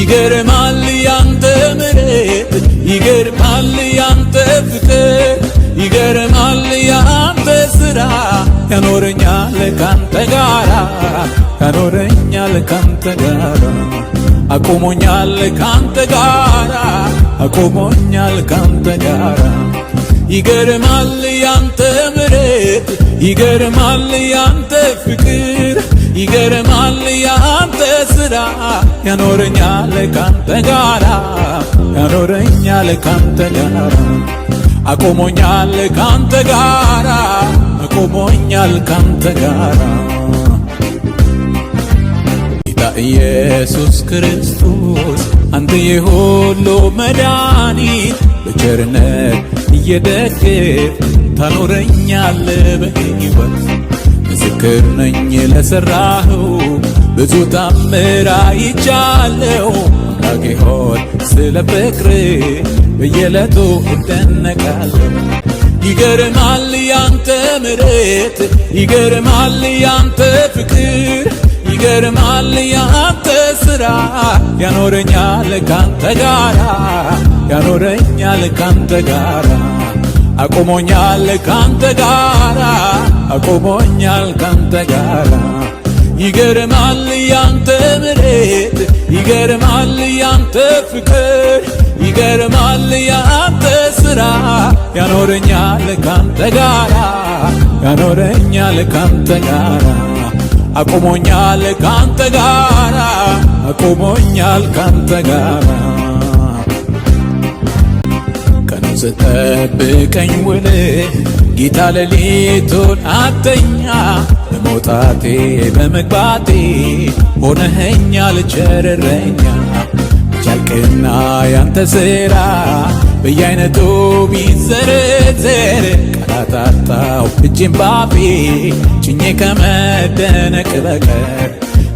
ይገርማል ያንተ ምሬት፣ ይገርማል ያንተ ፍቅር፣ ይገርማል ያንተ ስራ ያኖረኛል ካንተ ጋራ ያኖረኛል ካንተ ጋራ አቆሞኛል ካንተ ጋራ አቆሞኛል ካንተ ጋራ ይገርማል ያንተ ምሬት፣ ይገርማል ያንተ ፍቅር፣ ይገርማል ያንተ ስራ ያኖረኛል ካንተ ጋራ ያኖረኛል ካንተ ጋራ አቆሞኛል ካንተ ጋራ አቆሞኛል ካንተ ጋራ ጌታ ኢየሱስ ክርስቶስ አንተ የሁሉ መድኃኒት በቸርነት እየደገፍ ታኖረኛል በሕይወት ምስክር ነኝ ለሠራኸው ብዙ ታምር አይቻለው አምላኬ ሆይ ስለ ፍቅር በየዕለቱ እደነቃለሁ። ይገርማል ያንተ ምሬት፣ ይገርማል ያንተ ፍቅር፣ ይገርማል ያንተ ስራ ያኖረኛል ካንተ ጋራ ያኖረኛል ካንተ ጋራ አቆሞኛል ካንተ ጋራ አቆሞኛል ካንተ ጋራ ይገርማል ያንተ ምሬት ይገርማል ያንተ ፍቅር ይገርማል ያንተ ስራ ያኖረኛል ካንተ ጋራ ያኖረኛል ካንተ ጋራ አቁሞኛል ካንተ ጋራ አቁሞኛል ካንተ ጋራ ቀኑ ስጠብቀኝ ውል ጌታ ሌሊቱን አተኛ በመውጣቴ በመግባቴ ሆነኸኛል ቸረረኛ ጨርቅና ያንተ ስራ በየአይነቱ ቢዘረዘር ቃላት አጣሁ እጄን ባፌ ጭኜ ከመደነቅ በቀር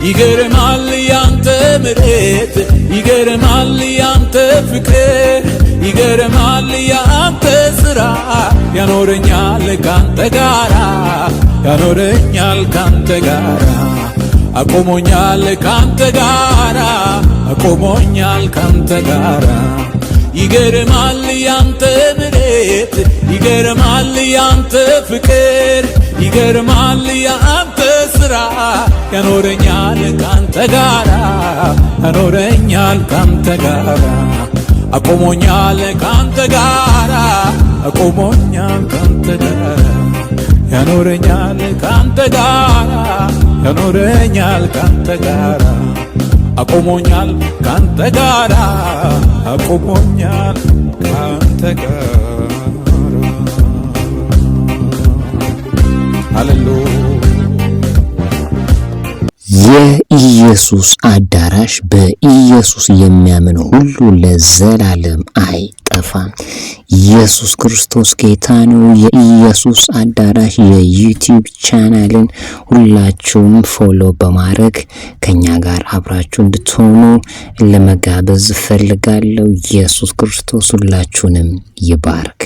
ይገርማል ያንተ ምሬት ይገርማል ያንተ ፍቅር ይገርማል ያንተ ስራ ያኖረኛል ካንተ ጋራ ያኖረኛል ካንተ ጋራ አቆሞኛል ካንተ ጋራ አቆሞኛል ካንተ ጋራ ይገርማል ያንተ ምሬት ይገርማል ያንተ ፍቅር ይገርማል ያንተ ስራ ያኖረኛል ካንተ ጋራ ያኖረኛል ካንተ ጋራ አቆሞኛል ካንተ ጋራ አቆሞኛል ካንተ ጋራ ያኖረኛል ካንተ ጋራ ያኖረኛል ካንተ ጋራ አቆሞኛል ካንተ ጋራ አቆሞኛል ካንተ ጋራ ሃሌሉያ የኢየሱስ አዳራሽ በኢየሱስ የሚያምን ሁሉ ለዘላለም አይጠፋም። ኢየሱስ ክርስቶስ ጌታ ነው። የኢየሱስ አዳራሽ የዩቲዩብ ቻናልን ሁላችሁም ፎሎ በማድረግ ከኛ ጋር አብራችሁ እንድትሆኑ ለመጋበዝ እፈልጋለሁ። ኢየሱስ ክርስቶስ ሁላችሁንም ይባርክ።